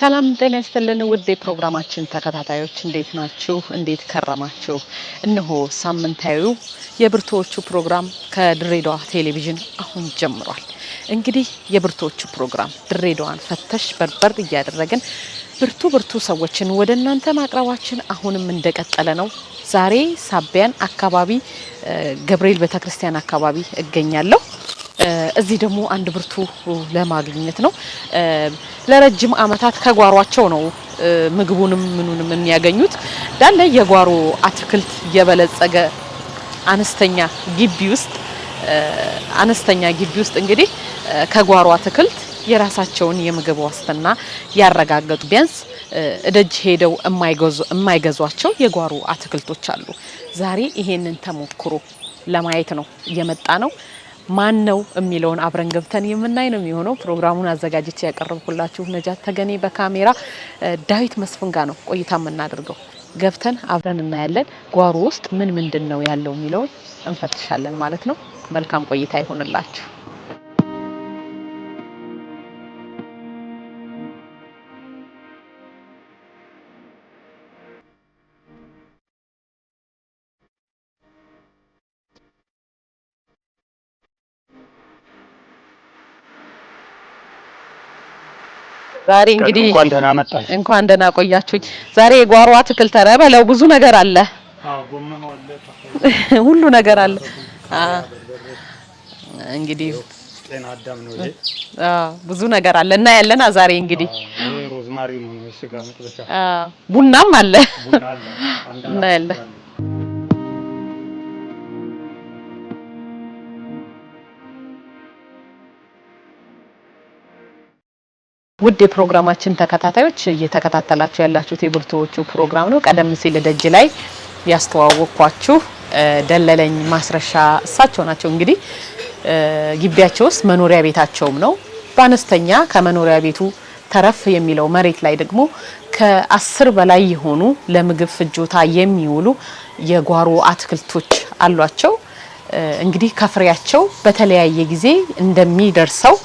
ሰላም ጤና ይስጥልን ውድ የፕሮግራማችን ተከታታዮች እንዴት ናችሁ? እንዴት ከረማችሁ? እነሆ ሳምንታዊው የብርቱዎቹ ፕሮግራም ከድሬዳዋ ቴሌቪዥን አሁን ጀምሯል። እንግዲህ የብርቱዎቹ ፕሮግራም ድሬዳዋን ፈተሽ በርበር እያደረግን ብርቱ ብርቱ ሰዎችን ወደ እናንተ ማቅረባችን አሁንም እንደቀጠለ ነው። ዛሬ ሳቢያን አካባቢ ገብርኤል ቤተክርስቲያን አካባቢ እገኛለሁ። እዚህ ደግሞ አንድ ብርቱ ለማግኘት ነው። ለረጅም ዓመታት ከጓሯቸው ነው ምግቡንም ምኑንም የሚያገኙት። ዳለ የጓሮ አትክልት የበለጸገ አነስተኛ ግቢ ውስጥ አነስተኛ ግቢ ውስጥ እንግዲህ ከጓሮ አትክልት የራሳቸውን የምግብ ዋስትና ያረጋገጡ ቢያንስ እደጅ ሄደው የማይገዟቸው የጓሮ አትክልቶች አሉ። ዛሬ ይሄንን ተሞክሮ ለማየት ነው የመጣ ነው። ማን ነው የሚለውን አብረን ገብተን የምናይ ነው የሚሆነው። ፕሮግራሙን አዘጋጅቼ ያቀረብኩላችሁ ነጃት ተገኔ በካሜራ ዳዊት መስፍን ጋር ነው ቆይታ የምናደርገው። ገብተን አብረን እናያለን ጓሮ ውስጥ ምን ምንድን ነው ያለው የሚለውን እንፈትሻለን ማለት ነው። መልካም ቆይታ ይሆንላችሁ። ዛሬ እንግዲህ እንኳን ደህና መጣሽ፣ እንኳን ደህና ቆያችሁኝ። ዛሬ የጓሮ አትክልት ኧረ በለው ብዙ ነገር አለ፣ ሁሉ ነገር አለ። እንግዲህ ብዙ ነገር አለ እና ያለና ዛሬ እንግዲህ ቡናም አለ እና ያለ ውድ የፕሮግራማችን ተከታታዮች እየተከታተላችሁ ያላችሁት የብርቱዎቹ ፕሮግራም ነው። ቀደም ሲል ደጅ ላይ ያስተዋወቅኳችሁ ደለለኝ ማስረሻ እሳቸው ናቸው። እንግዲህ ግቢያቸው ውስጥ መኖሪያ ቤታቸውም ነው። በአነስተኛ ከመኖሪያ ቤቱ ተረፍ የሚለው መሬት ላይ ደግሞ ከአስር በላይ የሆኑ ለምግብ ፍጆታ የሚውሉ የጓሮ አትክልቶች አሏቸው። እንግዲህ ከፍሬያቸው በተለያየ ጊዜ እንደሚደርሰው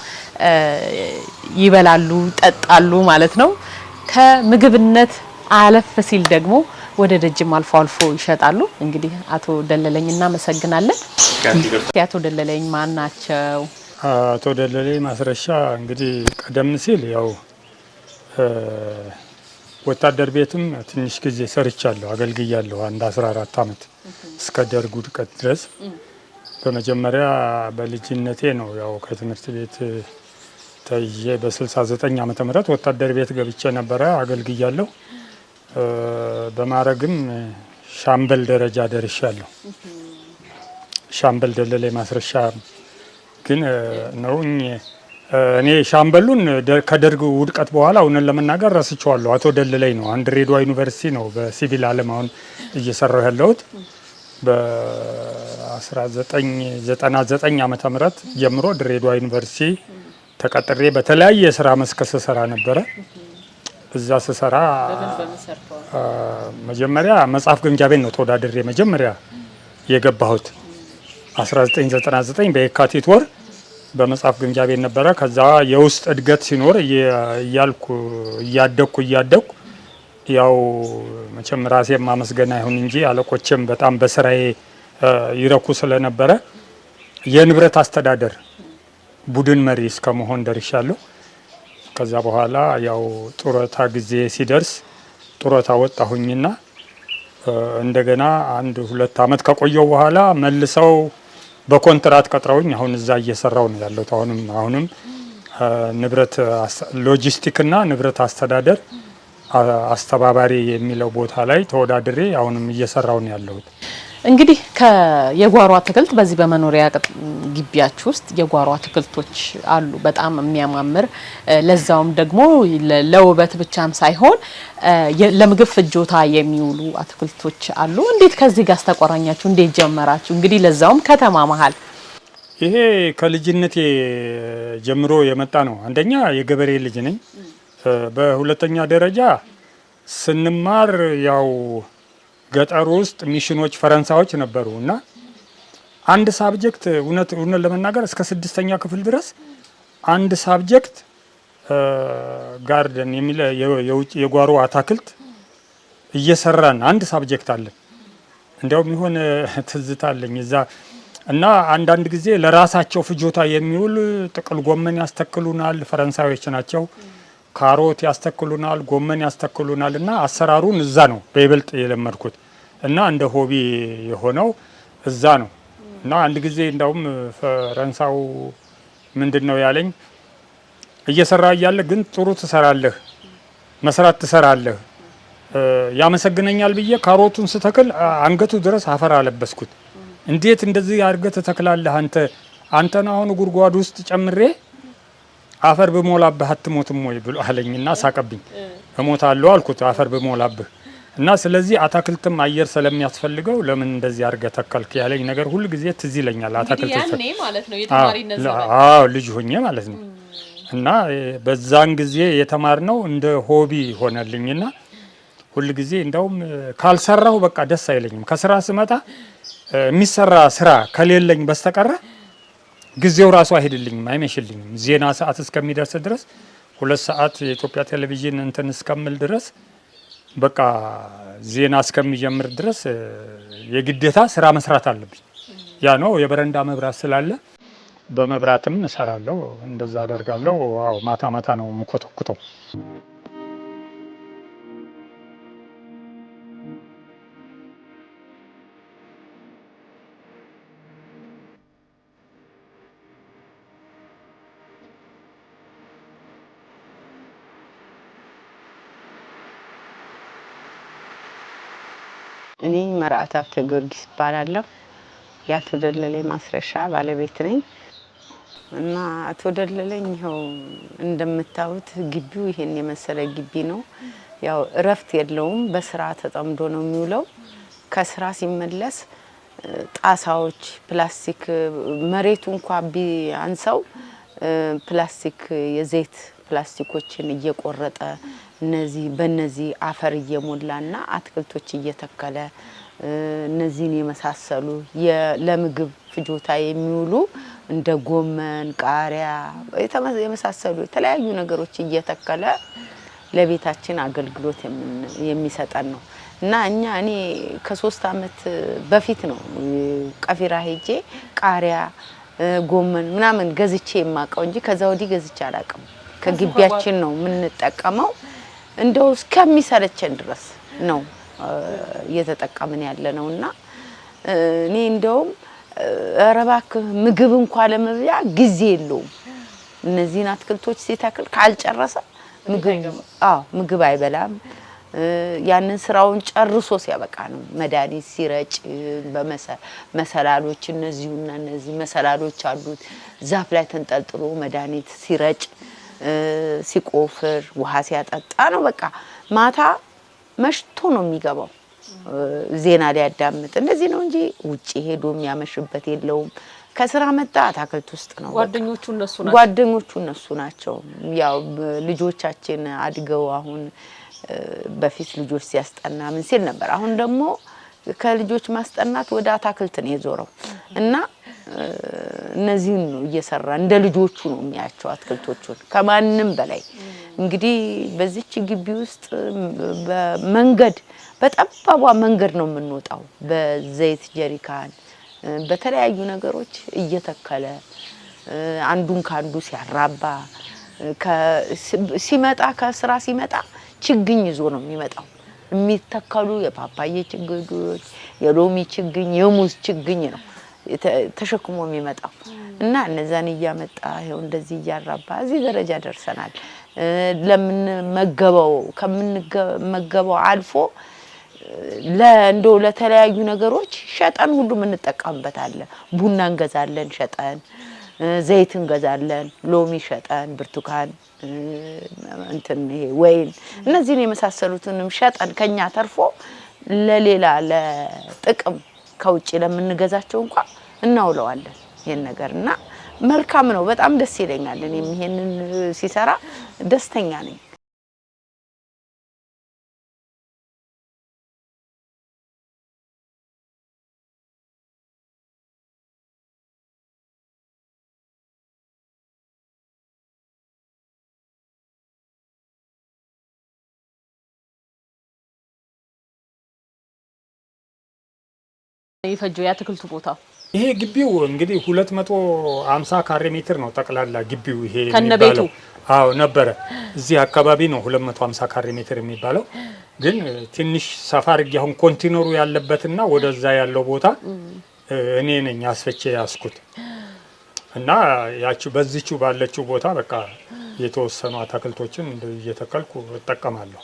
ይበላሉ፣ ጠጣሉ ማለት ነው። ከምግብነት አለፍ ሲል ደግሞ ወደ ደጅም አልፎ አልፎ ይሸጣሉ። እንግዲህ አቶ ደለለኝ እናመሰግናለን። አቶ ደለለኝ ማን ናቸው? አቶ ደለለኝ ማስረሻ እንግዲህ ቀደም ሲል ያው ወታደር ቤትም ትንሽ ጊዜ ሰርቻለሁ፣ አገልግያለሁ። አንድ 14 ዓመት እስከ ደርግ ውድቀት ድረስ። በመጀመሪያ በልጅነቴ ነው ያው ከትምህርት ቤት ተይዤ በ69 ዓመተ ምህረት ወታደር ቤት ገብቼ ነበረ አገልግያለሁ። በማረግም ሻምበል ደረጃ ደርሻለሁ። ሻምበል ደለለ ማስረሻ ግን ነው እኔ ሻምበሉን ከደርግ ውድቀት በኋላ እውነት ለመናገር ረስቸዋለሁ። አቶ ደለለኝ ነው። አንድ ድሬዳዋ ዩኒቨርሲቲ ነው በሲቪል ዓለም አሁን እየሰራሁ ያለሁት። በ1999 ዓመተ ምህረት ጀምሮ ድሬዳዋ ዩኒቨርሲቲ ተቀጥሬ በተለያየ የስራ መስክ ስሰራ ነበረ። እዛ ስሰራ መጀመሪያ መጽሐፍ ግምጃ ቤት ነው ተወዳድሬ መጀመሪያ የገባሁት 1999 በየካቲት ወር በመጽሐፍ ግምጃ ቤት ነበረ። ከዛ የውስጥ እድገት ሲኖር እያልኩ እያደግኩ እያደግኩ ያው መቼም ራሴ ማመስገን አይሁን እንጂ አለቆችም በጣም በስራዬ ይረኩ ስለነበረ የንብረት አስተዳደር ቡድን መሪ መሆን ደርሻለሁ። ከዛ በኋላ ያው ጡረታ ጊዜ ሲደርስ ጡረታ ወጣሁኝና እንደገና አንድ ሁለት አመት ከቆየው በኋላ መልሰው በኮንትራት ቀጥረውኝ አሁን እዛ እየሰራው ነው ያለሁት። አሁንም አሁንም ንብረት ሎጂስቲክና ንብረት አስተዳደር አስተባባሪ የሚለው ቦታ ላይ ተወዳድሬ አሁንም እየሰራው ነው ያለሁት። እንግዲህ የጓሮ አትክልት በዚህ በመኖሪያ ግቢያችሁ ውስጥ የጓሮ አትክልቶች አሉ። በጣም የሚያማምር ለዛውም ደግሞ ለውበት ብቻም ሳይሆን ለምግብ ፍጆታ የሚውሉ አትክልቶች አሉ። እንዴት ከዚህ ጋር ተቆራኛችሁ? እንዴት ጀመራችሁ? እንግዲህ ለዛውም ከተማ መሀል ይሄ ከልጅነቴ ጀምሮ የመጣ ነው። አንደኛ የገበሬ ልጅ ነኝ። በሁለተኛ ደረጃ ስንማር ያው ገጠሩ ውስጥ ሚሽኖች ፈረንሳዮች ነበሩ እና አንድ ሳብጀክት እውነት እውነት ለመናገር እስከ ስድስተኛ ክፍል ድረስ አንድ ሳብጀክት ጋርደን የውጭ የጓሮ አታክልት እየሰራን አንድ ሳብጀክት አለን። እንዲያውም የሆነ ትዝታ አለኝ እዛ እና አንዳንድ ጊዜ ለራሳቸው ፍጆታ የሚውል ጥቅል ጎመን ያስተክሉናል፣ ፈረንሳዮች ናቸው። ካሮት ያስተክሉናል፣ ጎመን ያስተክሉናል። እና አሰራሩን እዛ ነው በይበልጥ የለመድኩት። እና እንደ ሆቢ የሆነው እዛ ነው። እና አንድ ጊዜ እንዳውም ፈረንሳው ምንድን ነው ያለኝ እየሰራ እያለ ግን ጥሩ ትሰራለህ፣ መስራት ትሰራለህ። ያመሰግነኛል ብዬ ካሮቱን ስተክል አንገቱ ድረስ አፈር አለበስኩት። እንዴት እንደዚህ አድርገህ ትተክላለህ አንተ አንተን አሁን ጉድጓድ ውስጥ ጨምሬ አፈር ብሞላብህ አትሞትም ወይ ብሎ አለኝና ሳቀብኝ። እሞታለሁ አልኩት አፈር ብሞላብህ እና ስለዚህ አታክልትም አየር ስለሚያስፈልገው ለምን እንደዚህ አድርገህ ተከልክ ያለኝ ነገር ሁል ጊዜ ትዝ ይለኛል። አታክልት ማለት ነው ልጅ ሆኜ ማለት ነው። እና በዛን ጊዜ የተማርነው እንደ ሆቢ ሆነልኝና ሁል ጊዜ እንደውም ካልሰራሁ በቃ ደስ አይለኝም። ከስራ ስመጣ የሚሰራ ስራ ከሌለኝ በስተቀረ ጊዜው ራሱ አይሄድልኝም፣ አይመሽልኝም። ዜና ሰዓት እስከሚደርስ ድረስ ሁለት ሰዓት የኢትዮጵያ ቴሌቪዥን እንትን እስከምል ድረስ በቃ ዜና እስከሚጀምር ድረስ የግዴታ ስራ መስራት አለብኝ። ያ ነው የበረንዳ መብራት ስላለ በመብራትም እሰራለሁ፣ እንደዛ አደርጋለሁ። ማታ ማታ ነው የምኮተኩተው። እኔ መርዓት ሀብተ ጊዮርጊስ እባላለሁ። የአቶ ደለለኝ ማስረሻ ባለቤት ነኝ እና አቶ ደለለኝ ይኸው እንደምታዩት ግቢው ይሄን የመሰለ ግቢ ነው። ያው እረፍት የለውም። በስራ ተጠምዶ ነው የሚውለው። ከስራ ሲመለስ ጣሳዎች፣ ፕላስቲክ መሬቱ እንኳ ቢያንሰው ፕላስቲክ የዘይት ፕላስቲኮችን እየቆረጠ እነዚህ በነዚህ አፈር እየሞላና አትክልቶች እየተከለ እነዚህን የመሳሰሉ ለምግብ ፍጆታ የሚውሉ እንደ ጎመን፣ ቃሪያ የመሳሰሉ የተለያዩ ነገሮች እየተከለ ለቤታችን አገልግሎት የሚሰጠን ነው እና እኛ እኔ ከሶስት አመት በፊት ነው ቀፊራ ሄጄ ቃሪያ፣ ጎመን ምናምን ገዝቼ የማውቀው እንጂ ከዛ ወዲህ ገዝቼ አላውቅም። ከግቢያችን ነው የምንጠቀመው። እንደው እስከሚሰለቸን ድረስ ነው እየተጠቀምን ያለ ነው እና እኔ እንደውም ኧረ እባክህ ምግብ እንኳ ለመብያ ጊዜ የለውም። እነዚህን አትክልቶች ሲተክል ካልጨረሰ ምግብ አይበላም። ያንን ስራውን ጨርሶ ሲያበቃ ነው መድኃኒት ሲረጭ በመሰላሎች እነዚሁና እነዚህ መሰላሎች አሉት ዛፍ ላይ ተንጠልጥሎ መድኃኒት ሲረጭ ሲቆፍር፣ ውሃ ሲያጠጣ ነው። በቃ ማታ መሽቶ ነው የሚገባው ዜና ሊያዳምጥ እንደዚህ ነው እንጂ ውጭ ሄዶ የሚያመሽበት የለውም። ከስራ መጣ አታክልት ውስጥ ነው። ጓደኞቹ እነሱ ናቸው። ጓደኞቹ እነሱ ናቸው። ያው ልጆቻችን አድገው አሁን በፊት ልጆች ሲያስጠና ምን ሲል ነበር። አሁን ደግሞ ከልጆች ማስጠናት ወደ አታክልት ነው የዞረው እና እነዚህን ነው እየሰራ እንደ ልጆቹ ነው የሚያቸው አትክልቶቹን ከማንም በላይ እንግዲህ በዚች ግቢ ውስጥ መንገድ በጠባቧ መንገድ ነው የምንወጣው። በዘይት ጀሪካን በተለያዩ ነገሮች እየተከለ አንዱን ከአንዱ ሲያራባ ሲመጣ ከስራ ሲመጣ ችግኝ ይዞ ነው የሚመጣው። የሚተከሉ የፓፓዬ ችግኞች፣ የሎሚ ችግኝ፣ የሙዝ ችግኝ ነው ተሸክሞ የሚመጣው እና እነዛን እያመጣ ይኸው እንደዚህ እያራባ እዚህ ደረጃ ደርሰናል። ለምንመገበው ከምንመገበው አልፎ እንደው ለተለያዩ ነገሮች ሸጠን ሁሉ እንጠቀምበታለን። ቡና እንገዛለን ሸጠን፣ ዘይት እንገዛለን፣ ሎሚ ሸጠን፣ ብርቱካን፣ እንትን ይሄ ወይን፣ እነዚህን የመሳሰሉትንም ሸጠን ከኛ ተርፎ ለሌላ ለጥቅም ከውጭ ለምንገዛቸው እንኳ እናውለዋለን ይህን ነገር እና መልካም ነው። በጣም ደስ ይለኛል። እኔም ይሄንን ሲሰራ ደስተኛ ነኝ። የፈጀው የአትክልቱ ቦታ ይሄ ግቢው እንግዲህ 250 ካሬ ሜትር ነው ጠቅላላ ግቢው ይሄ ከነቤቱ አዎ ነበረ። እዚህ አካባቢ ነው 250 ካሬ ሜትር የሚባለው ግን ትንሽ ሰፋ አድርጌ አሁን ኮንቲነሩ ያለበትና ወደዛ ያለው ቦታ እኔ ነኝ አስፈቼ ያስኩት እና ያቺ በዚቹ ባለችው ቦታ በቃ የተወሰኑ አትክልቶችን እየተከልኩ እጠቀማለሁ።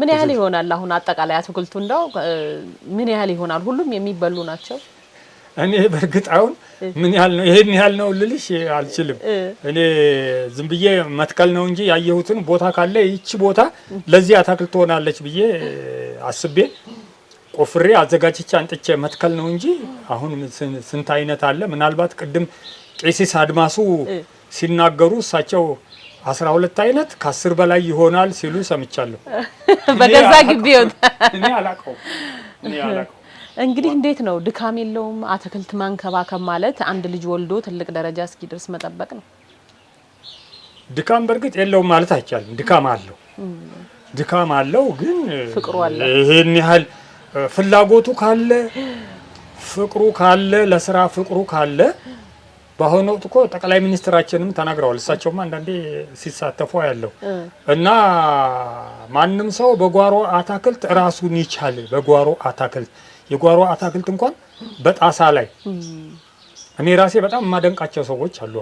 ምን ያህል ይሆናል? አሁን አጠቃላይ አትክልቱ እንደው ምን ያህል ይሆናል? ሁሉም የሚበሉ ናቸው? እኔ በእርግጥ አሁን ምን ያህል ነው ይሄን ያህል ነው ልልሽ አልችልም። እኔ ዝም ብዬ መትከል ነው እንጂ ያየሁትን ቦታ ካለ ይቺ ቦታ ለዚህ አታክል ትሆናለች ብዬ አስቤ ቆፍሬ አዘጋጅቼ አንጥቼ መትከል ነው እንጂ አሁን ስንት አይነት አለ። ምናልባት ቅድም ቄሲስ አድማሱ ሲናገሩ እሳቸው አስራ ሁለት አይነት ከአስር በላይ ይሆናል ሲሉ ሰምቻለሁ። በገዛ ግቢ እኔ እኔ እንግዲህ እንዴት ነው ድካም የለውም። አትክልት ማንከባከብ ማለት አንድ ልጅ ወልዶ ትልቅ ደረጃ እስኪደርስ መጠበቅ ነው። ድካም በእርግጥ የለውም ማለት አይቻልም። ድካም አለው፣ ድካም አለው። ግን ፍቅሩ አለ። ይሄን ያህል ፍላጎቱ ካለ ፍቅሩ ካለ ለስራ ፍቅሩ ካለ በአሁኑ ወቅት እኮ ጠቅላይ ሚኒስትራችንም ተናግረዋል። እሳቸውም አንዳንዴ ሲሳተፉ ያለው እና ማንም ሰው በጓሮ አታክልት ራሱን ይቻል። በጓሮ አታክልት የጓሮ አታክልት እንኳን በጣሳ ላይ እኔ ራሴ በጣም የማደንቃቸው ሰዎች አሉ።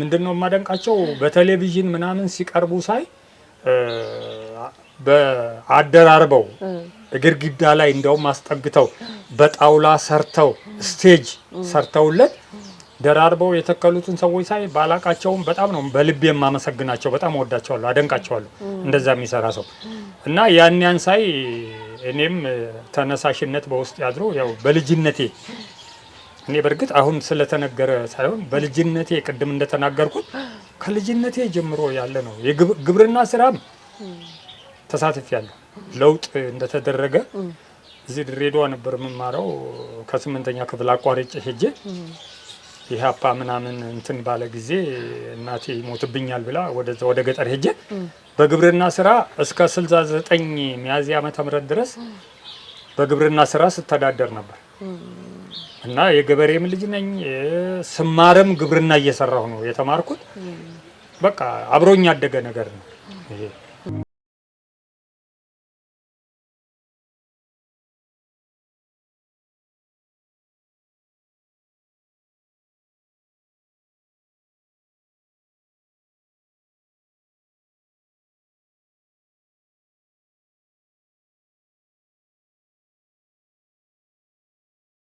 ምንድን ነው የማደንቃቸው በቴሌቪዥን ምናምን ሲቀርቡ ሳይ በአደራርበው ግድግዳ ላይ እንደውም አስጠግተው በጣውላ ሰርተው ስቴጅ ሰርተውለት ደራርበው የተከሉትን ሰዎች ሳይ ባላቃቸውም በጣም ነው በልብ የማመሰግናቸው። በጣም ወዳቸዋለሁ፣ አደንቃቸዋለሁ እንደዛ የሚሰራ ሰው እና ያን ያን ሳይ እኔም ተነሳሽነት በውስጥ ያድሮ ያው በልጅነቴ እኔ በእርግጥ አሁን ስለተነገረ ሳይሆን በልጅነቴ ቅድም እንደተናገርኩት ከልጅነቴ ጀምሮ ያለ ነው። የግብርና ስራም ተሳትፍ ያለሁ ለውጥ እንደተደረገ እዚህ ድሬዳዋ ነበር የምማረው ከስምንተኛ ክፍል አቋርጬ ሄጄ ይህ አፓ ምናምን እንትን ባለ ጊዜ እናቴ ሞትብኛል ብላ ወደ ገጠር ሄጀ በግብርና ስራ እስከ 69 ሚያዝያ ዓመተ ምህረት ድረስ በግብርና ስራ ስተዳደር ነበር እና የገበሬም ልጅ ነኝ። ስማርም ግብርና እየሰራሁ ነው የተማርኩት። በቃ አብሮኝ ያደገ ነገር ነው ይሄ።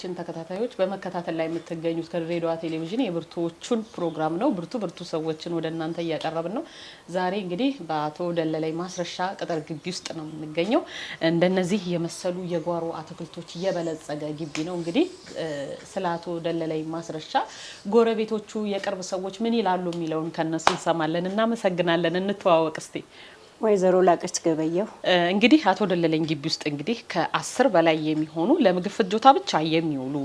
ችን ተከታታዮች በመከታተል ላይ የምትገኙት ከድሬዳዋ ቴሌቪዥን የብርቱዎቹን ፕሮግራም ነው። ብርቱ ብርቱ ሰዎችን ወደ እናንተ እያቀረብን ነው። ዛሬ እንግዲህ በአቶ ደለላይ ማስረሻ ቅጥር ግቢ ውስጥ ነው የምንገኘው። እንደነዚህ የመሰሉ የጓሮ አትክልቶች የበለጸገ ግቢ ነው። እንግዲህ ስለ አቶ ደለላይ ማስረሻ ጎረቤቶቹ፣ የቅርብ ሰዎች ምን ይላሉ የሚለውን ከነሱ እንሰማለን። እናመሰግናለን። እንተዋወቅ እስቲ ወይዘሮ ላቀች ገበየው እንግዲህ አቶ ደለለኝ ግቢ ውስጥ እንግዲህ ከአስር በላይ የሚሆኑ ለምግብ ፍጆታ ብቻ የሚውሉ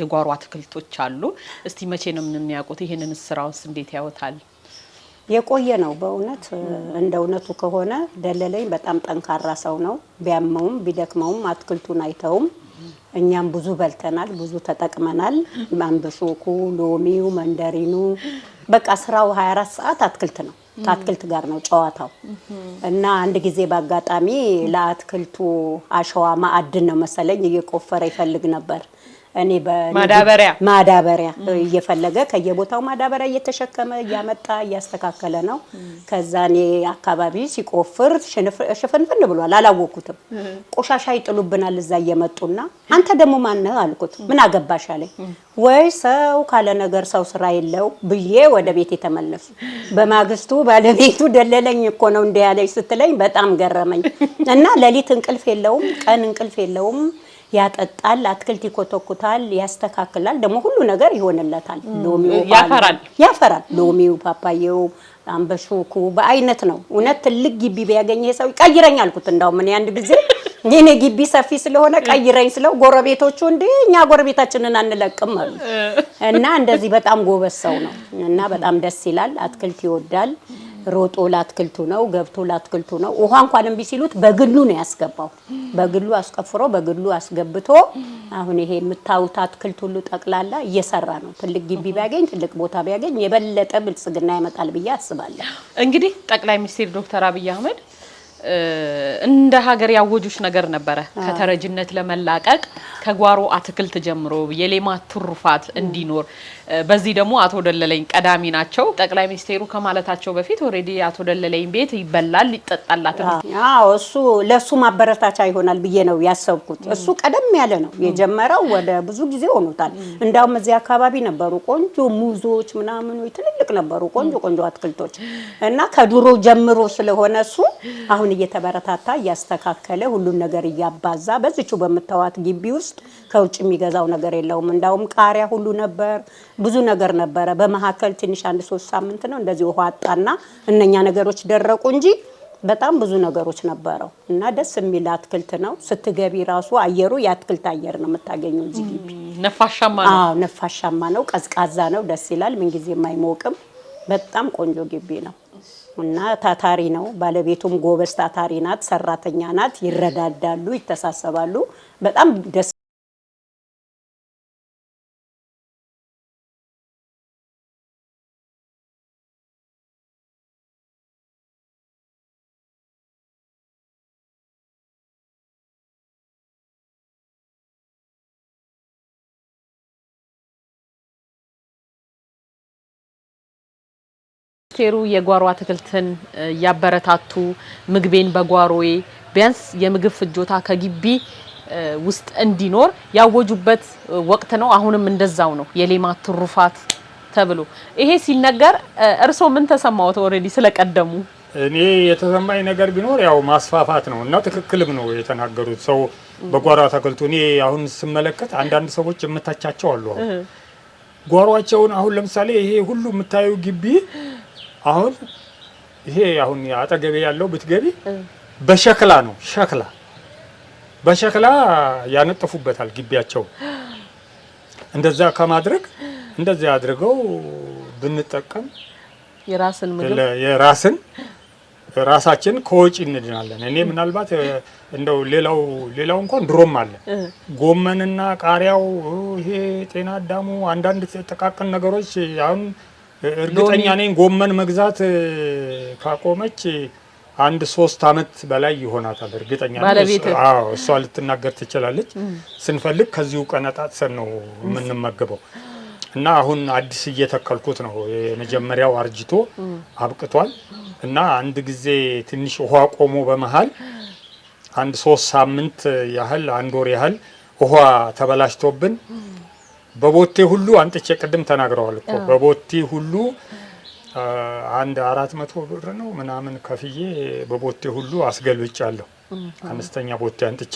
የጓሮ አትክልቶች አሉ። እስቲ መቼ ነው የሚያውቁት? ይህንን ስራውስ እንዴት ያወታል? የቆየ ነው በእውነት እንደ እውነቱ ከሆነ ደለለኝ በጣም ጠንካራ ሰው ነው። ቢያመውም ቢደክመውም አትክልቱን አይተውም። እኛም ብዙ በልተናል፣ ብዙ ተጠቅመናል። አንበሶኩ፣ ሎሚው፣ መንደሪኑ በቃ ስራው 24 ሰዓት አትክልት ነው። ከአትክልት ጋር ነው ጨዋታው እና አንድ ጊዜ በአጋጣሚ ለአትክልቱ አሸዋ ማዕድን ነው መሰለኝ እየቆፈረ ይፈልግ ነበር እኔ ማዳበሪያ ማዳበሪያ እየፈለገ ከየቦታው ማዳበሪያ እየተሸከመ እያመጣ እያስተካከለ ነው። ከዛ እኔ አካባቢ ሲቆፍር ሽፍንፍን ብሏል። አላወኩትም። ቆሻሻ ይጥሉብናል እዛ እየመጡና አንተ ደግሞ ማነህ አልኩት። ምን አገባሽ አለኝ። ወይ ሰው ካለ ነገር ሰው ስራ የለው ብዬ ወደ ቤት የተመለሱ። በማግስቱ ባለቤቱ ደለለኝ እኮ ነው እንዲህ ስትለኝ በጣም ገረመኝ። እና ሌሊት እንቅልፍ የለውም፣ ቀን እንቅልፍ የለውም ያጠጣል፣ አትክልት ይኮተኩታል፣ ያስተካክላል። ደግሞ ሁሉ ነገር ይሆንለታል። ሎሚው ያፈራል ያፈራል። ሎሚው፣ ፓፓየው፣ አንበሾኩ በአይነት ነው። እውነት ትልቅ ግቢ ቢያገኝ ሰው ቀይረኝ አልኩት። እንዳውም እኔ አንድ ጊዜ የኔ ግቢ ሰፊ ስለሆነ ቀይረኝ ስለው ጎረቤቶቹ እንደ እኛ ጎረቤታችንን አንለቅም አሉ። እና እንደዚህ በጣም ጎበዝ ሰው ነው እና በጣም ደስ ይላል። አትክልት ይወዳል። ሮጦ ላትክልቱ ነው ገብቶ ላትክልቱ ነው። ውሃ እንኳን እምቢ ሲሉት በግሉ ነው ያስገባው። በግሉ አስቀፍሮ በግሉ አስገብቶ አሁን ይሄ የምታዩት አትክልት ሁሉ ጠቅላላ እየሰራ ነው። ትልቅ ግቢ ቢያገኝ ትልቅ ቦታ ቢያገኝ የበለጠ ብልጽግና ይመጣል ብዬ አስባለሁ። እንግዲህ ጠቅላይ ሚኒስትር ዶክተር አብይ አህመድ እንደ ሀገር ያወጁች ነገር ነበረ። ከተረጅነት ለመላቀቅ ከጓሮ አትክልት ጀምሮ የሌማት ትሩፋት እንዲኖር በዚህ ደግሞ አቶ ደለለኝ ቀዳሚ ናቸው። ጠቅላይ ሚኒስቴሩ ከማለታቸው በፊት ኦልሬዲ አቶ ደለለኝ ቤት ይበላል ይጠጣላት። አዎ እሱ ለእሱ ማበረታቻ ይሆናል ብዬ ነው ያሰብኩት። እሱ ቀደም ያለ ነው የጀመረው፣ ወደ ብዙ ጊዜ ሆኖታል። እንዳውም እዚህ አካባቢ ነበሩ ቆንጆ ሙዞች ምናምኑ ትልልቅ ነበሩ፣ ቆንጆ ቆንጆ አትክልቶች እና ከድሮ ጀምሮ ስለሆነ እሱ አሁን ራሱን እየተበረታታ እያስተካከለ ሁሉን ነገር እያባዛ በዚቹ በምታዋት ግቢ ውስጥ ከውጭ የሚገዛው ነገር የለውም። እንዳውም ቃሪያ ሁሉ ነበር፣ ብዙ ነገር ነበረ። በመካከል ትንሽ አንድ ሶስት ሳምንት ነው እንደዚህ ውሃ አጣና እነኛ ነገሮች ደረቁ እንጂ በጣም ብዙ ነገሮች ነበረው እና ደስ የሚል አትክልት ነው። ስትገቢ ራሱ አየሩ የአትክልት አየር ነው የምታገኘው። እዚህ ግቢ ነፋሻማ ነው። ነፋሻማ ነው፣ ቀዝቃዛ ነው፣ ደስ ይላል። ምንጊዜም አይሞቅም። በጣም ቆንጆ ግቢ ነው። እና ታታሪ ነው። ባለቤቱም ጎበዝ ታታሪ ናት፣ ሰራተኛ ናት። ይረዳዳሉ፣ ይተሳሰባሉ። በጣም ደስ ሚኒስቴሩ የጓሮ አትክልትን እያበረታቱ ምግቤን በጓሮዬ ቢያንስ የምግብ ፍጆታ ከግቢ ውስጥ እንዲኖር ያወጁበት ወቅት ነው። አሁንም እንደዛው ነው። የሌማት ትሩፋት ተብሎ ይሄ ሲነገር እርስዎ ምን ተሰማዎት? ኦልሬዲ ስለቀደሙ እኔ የተሰማኝ ነገር ቢኖር ያው ማስፋፋት ነው እና ትክክልም ነው የተናገሩት ሰው በጓሮ አትክልቱ። እኔ አሁን ስመለከት አንዳንድ ሰዎች የምታቻቸው አሉ ጓሯቸውን አሁን ለምሳሌ ይሄ ሁሉ የምታየው ግቢ አሁን ይሄ አሁን አጠገቤ ያለው ብትገቢ በሸክላ ነው። ሸክላ በሸክላ ያነጠፉበታል ግቢያቸው። እንደዛ ከማድረግ እንደዚያ አድርገው ብንጠቀም የራስን ምግብ የራስን ራሳችን ከወጪ እንድናለን። እኔ ምናልባት እንደው ሌላው ሌላው እንኳን ድሮም አለ ጎመንና ቃሪያው ይሄ ጤና አዳሙ አንዳንድ ጥቃቅን ነገሮች አሁን እርግጠኛ ነኝ ጎመን መግዛት ካቆመች አንድ ሶስት አመት በላይ ይሆናታል። እርግጠኛ እሷ ልትናገር ትችላለች። ስንፈልግ ከዚሁ ቀነጣጥሰን ነው የምንመገበው እና አሁን አዲስ እየተከልኩት ነው። የመጀመሪያው አርጅቶ አብቅቷል እና አንድ ጊዜ ትንሽ ውሃ ቆሞ በመሀል አንድ ሶስት ሳምንት ያህል አንድ ወር ያህል ውሃ ተበላሽቶብን በቦቴ ሁሉ አንጥቼ ቅድም ተናግረዋል እኮ በቦቴ ሁሉ አንድ አራት መቶ ብር ነው ምናምን ከፍዬ በቦቴ ሁሉ አስገልብጫለሁ። አነስተኛ ቦቴ አንጥቼ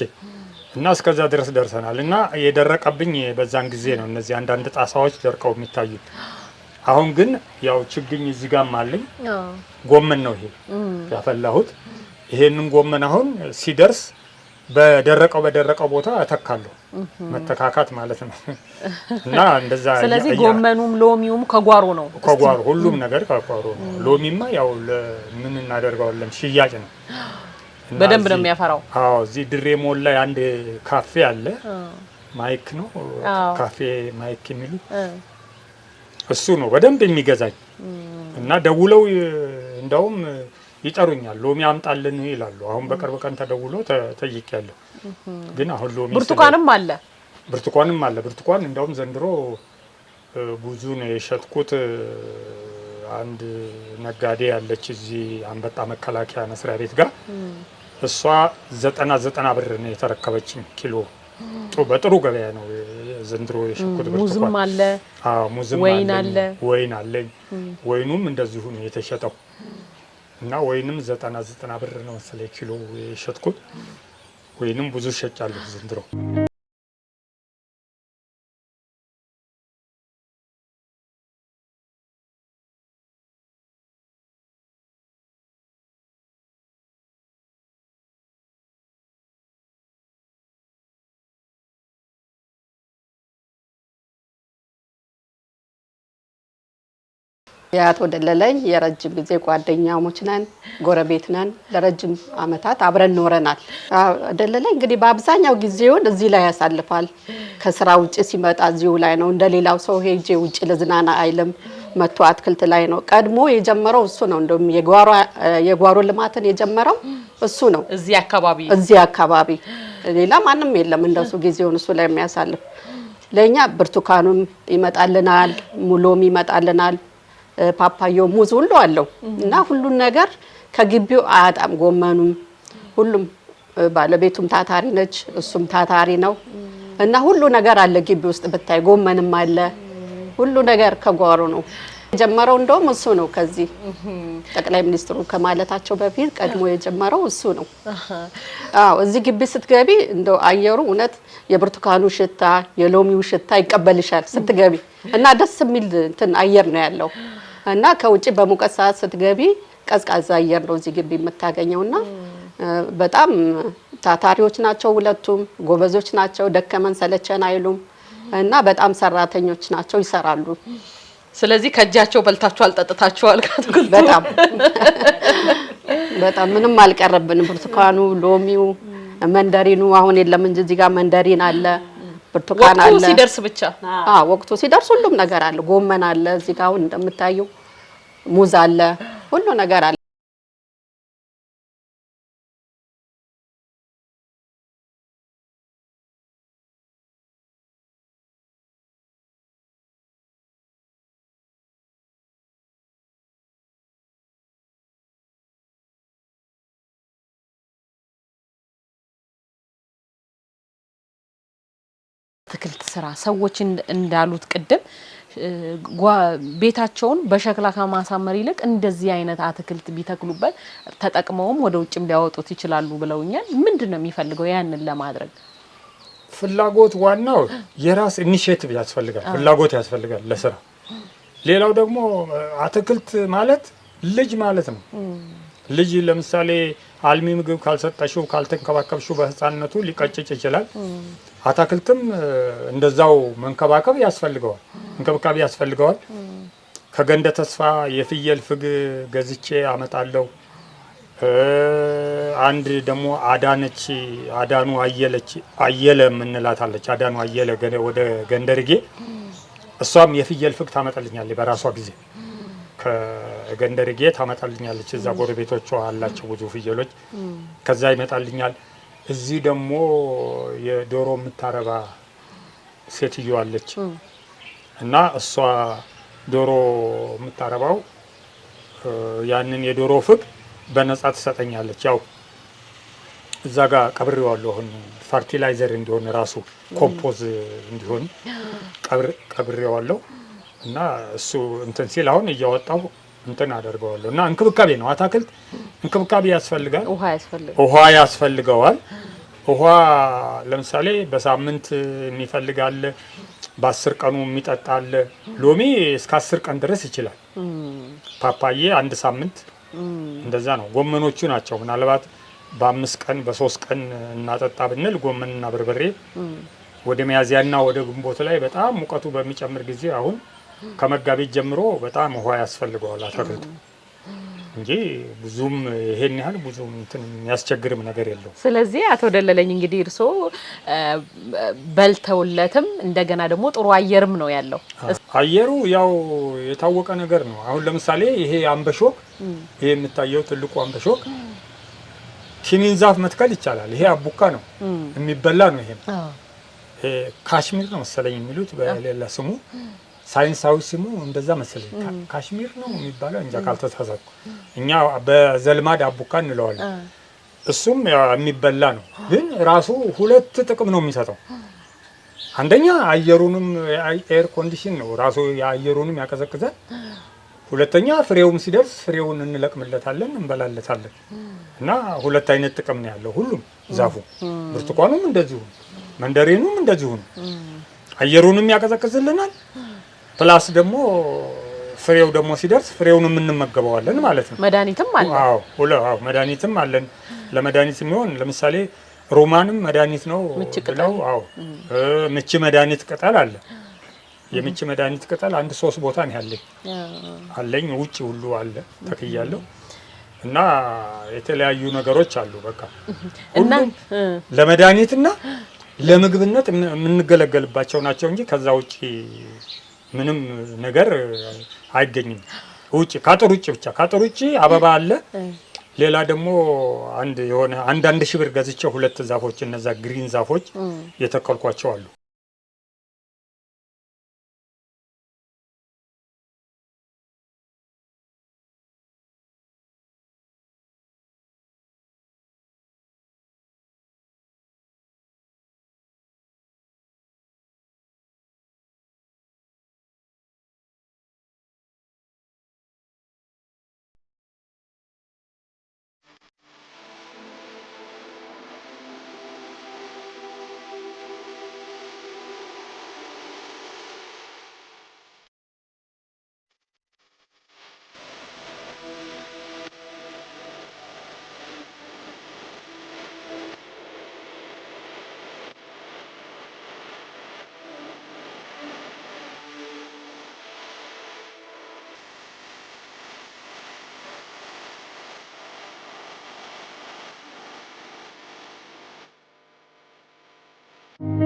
እና እስከዛ ድረስ ደርሰናል። እና የደረቀብኝ በዛን ጊዜ ነው። እነዚህ አንዳንድ ጣሳዎች ደርቀው የሚታዩት። አሁን ግን ያው ችግኝ እዚህ ጋም አለኝ። ጎመን ነው ይሄ ያፈላሁት። ይሄንን ጎመን አሁን ሲደርስ በደረቀው በደረቀው ቦታ እተካለሁ። መተካካት ማለት ነው እና እንደዛ። ስለዚህ ጎመኑም ሎሚውም ከጓሮ ነው፣ ከጓሮ ሁሉም ነገር ከጓሮ ነው። ሎሚማ ያው ምን እናደርገዋለን? ሽያጭ ነው። በደንብ ነው የሚያፈራው። አዎ፣ እዚህ ድሬ ሞል ላይ አንድ ካፌ አለ፣ ማይክ ነው ካፌ ማይክ የሚሉ እሱ ነው በደንብ የሚገዛኝ እና ደውለው እንደውም ይጠሩኛል፣ ሎሚ አምጣልን ይላሉ። አሁን በቅርብ ቀን ተደውሎ ተጠይቄያለሁ። ግን አሁን ሎሚ ብርቱካንም አለ ብርቱካንም አለ። ብርቱካን እንደውም ዘንድሮ ብዙ ነው የሸጥኩት። አንድ ነጋዴ ያለች እዚህ አንበጣ መከላከያ መስሪያ ቤት ጋር እሷ ዘጠና ዘጠና ብር ነው የተረከበችኝ ኪሎ። በጥሩ ገበያ ነው ዘንድሮ የሸጥኩት። ሙዝም አለ፣ ሙዝም አለ፣ ወይን አለኝ። ወይኑም እንደዚሁ ነው የተሸጠው። እና ወይንም ዘጠና ዘጠና ብር ነው መሰለኝ ኪሎ የሸጥኩት ወይንም ብዙ ሸጫለሁ ዘንድሮ። የአቶ ደለለኝ የረጅም ጊዜ ጓደኛሞች ነን፣ ጎረቤት ነን። ለረጅም አመታት አብረን ኖረናል። ደለለኝ እንግዲህ በአብዛኛው ጊዜውን እዚህ ላይ ያሳልፋል። ከስራ ውጭ ሲመጣ እዚሁ ላይ ነው። እንደ ሌላው ሰው ሄጄ ውጭ ልዝናና አይልም። መቶ አትክልት ላይ ነው ቀድሞ የጀመረው እሱ ነው። እንደውም የጓሮ ልማትን የጀመረው እሱ ነው እዚህ አካባቢ እዚህ አካባቢ ሌላ ማንም የለም እንደሱ ጊዜውን እሱ ላይ የሚያሳልፍ ለእኛ ብርቱካኑም ይመጣልናል፣ ሙሎም ይመጣልናል ፓፓዮ፣ ሙዝ ሁሉ አለው እና ሁሉን ነገር ከግቢው አያጣም። ጎመኑም ሁሉም ባለቤቱም ታታሪ ነች፣ እሱም ታታሪ ነው እና ሁሉ ነገር አለ ግቢ ውስጥ ብታይ፣ ጎመንም አለ ሁሉ ነገር ከጓሮ ነው የጀመረው። እንደውም እሱ ነው ከዚህ ጠቅላይ ሚኒስትሩ ከማለታቸው በፊት ቀድሞ የጀመረው እሱ ነው። አዎ እዚህ ግቢ ስትገቢ እንደው አየሩ እውነት የብርቱካኑ ሽታ፣ የሎሚው ሽታ ይቀበልሻል ስትገቢ እና ደስ የሚል እንትን አየር ነው ያለው። እና ከውጭ በሙቀት ሰዓት ስትገቢ ቀዝቃዛ አየር ነው እዚህ ግቢ እና በጣም ታታሪዎች ናቸው። ሁለቱም ጎበዞች ናቸው። ደከመን ሰለቸን አይሉም እና በጣም ሰራተኞች ናቸው፣ ይሰራሉ። ስለዚህ ከእጃቸው በልታችኋል፣ ጠጥታችኋል። በጣም በጣም ምንም አልቀረብንም። ብርቱካኑ፣ ሎሚው፣ መንደሪኑ አሁን የለም እንጂ እዚህ ጋር መንደሪን አለ። ብርቱካን አለ። ሲደርስ ብቻ አዎ፣ ወቅቱ ሲደርስ ሁሉም ነገር አለ። ጎመን አለ። እዚህ ጋር አሁን እንደምታየው ሙዝ አለ። ሁሉ ነገር አለ። ስራ ሰዎች እንዳሉት ቅድም ቤታቸውን በሸክላ ከማሳመር ይልቅ እንደዚህ አይነት አትክልት ቢተክሉበት ተጠቅመውም ወደ ውጭም ሊያወጡት ይችላሉ ብለውኛል። ምንድን ነው የሚፈልገው ያንን ለማድረግ? ፍላጎት ዋናው የራስ ኢኒሽቲቭ ያስፈልጋል፣ ፍላጎት ያስፈልጋል ለስራ። ሌላው ደግሞ አትክልት ማለት ልጅ ማለት ነው። ልጅ ለምሳሌ አልሚ ምግብ ካልሰጠሽው፣ ካልተንከባከብሽው በህፃንነቱ ሊቀጭጭ ይችላል። አታክልትም እንደዛው መንከባከብ ያስፈልገዋል፣ እንክብካቤ ያስፈልገዋል። ከገንደ ተስፋ የፍየል ፍግ ገዝቼ አመጣለሁ። አንድ ደግሞ አዳነች አዳኑ አየለች አየለ የምንላታለች አዳኑ አየለ ወደ ገንደርጌ እሷም የፍየል ፍግ ታመጣልኛለች። በራሷ ጊዜ ከገንደርጌ ታመጣልኛለች። እዛ ጎረቤቶቿ አላቸው ብዙ ፍየሎች። ከዛ ይመጣልኛል። እዚህ ደግሞ የዶሮ የምታረባ ሴትዮ አለች እና እሷ ዶሮ የምታረባው ያንን የዶሮ ፍቅ በነጻ ትሰጠኛለች። ያው እዛ ጋር ቀብሬዋለሁ። አሁን ፈርቲላይዘር እንዲሆን ራሱ ኮምፖዝ እንዲሆን ቀብሬዋለሁ እና እሱ እንትን ሲል አሁን እያወጣው እንትን አደርገዋለሁ እና እንክብካቤ ነው። አታክልት እንክብካቤ ያስፈልጋል፣ ውሃ ያስፈልገዋል። ውሃ ለምሳሌ በሳምንት የሚፈልጋለ በአስር ቀኑ የሚጠጣ ሎሚ እስከ አስር ቀን ድረስ ይችላል። ፓፓዬ አንድ ሳምንት እንደዛ ነው። ጎመኖቹ ናቸው ምናልባት በአምስት ቀን በሶስት ቀን እናጠጣ ብንል ጎመንና በርበሬ ወደ ሚያዝያና ወደ ግንቦት ላይ በጣም ሙቀቱ በሚጨምር ጊዜ አሁን ከመጋቢት ጀምሮ በጣም ውሃ ያስፈልገዋል አትክልቱ እንጂ ብዙም ይሄን ያህል ብዙም እንትን የሚያስቸግርም ነገር የለው። ስለዚህ አቶ ደለለኝ እንግዲህ እርስዎ በልተውለትም እንደገና ደግሞ ጥሩ አየርም ነው ያለው። አየሩ ያው የታወቀ ነገር ነው። አሁን ለምሳሌ ይሄ አንበሾክ፣ ይሄ የምታየው ትልቁ አንበሾክ ኪኒን ዛፍ መትከል ይቻላል። ይሄ አቡካ ነው የሚበላ ነው። ይሄ ካሽሚር ነው መሰለኝ የሚሉት በሌላ ስሙ ሳይንሳዊ ስሙ እንደዛ መሰለኝ ካሽሚር ነው የሚባለው እንጃ ካልተሳሳትኩ። እኛ በዘልማድ አቡካ እንለዋለን። እሱም የሚበላ ነው፣ ግን ራሱ ሁለት ጥቅም ነው የሚሰጠው። አንደኛ አየሩንም ኤር ኮንዲሽን ነው ራሱ የአየሩንም ያቀዘቅዛል። ሁለተኛ ፍሬውም ሲደርስ ፍሬውን እንለቅምለታለን፣ እንበላለታለን እና ሁለት አይነት ጥቅም ነው ያለው ሁሉም ዛፉ። ብርቱካኑም እንደዚሁ፣ መንደሬኑም እንደዚሁ ነው። አየሩንም ያቀዘቅዝልናል ፕላስ ደግሞ ፍሬው ደግሞ ሲደርስ ፍሬውን የምንመገበዋለን ማለት ነው። መድኃኒትም አለ። አዎ አዎ መድኃኒትም አለን። ለመድኃኒት የሚሆን ለምሳሌ ሮማንም መድኃኒት ነው ብለው አዎ ምች መድኃኒት ቅጠል አለ። የምች መድኃኒት ቅጠል አንድ ሶስት ቦታ ነው ያለኝ አለኝ ውጭ ሁሉ አለ ተክያለሁ። እና የተለያዩ ነገሮች አሉ። በቃ ሁሉም ለመድኃኒትና ለምግብነት የምንገለገልባቸው ናቸው እንጂ ከዛ ውጭ ምንም ነገር አይገኝም። ውጭ ከአጥር ውጭ ብቻ ከአጥር ውጭ አበባ አለ። ሌላ ደግሞ አንድ የሆነ አንዳንድ ሺህ ብር ገዝቼ ሁለት ዛፎች እነዛ ግሪን ዛፎች የተከልኳቸው አሉ Thank you.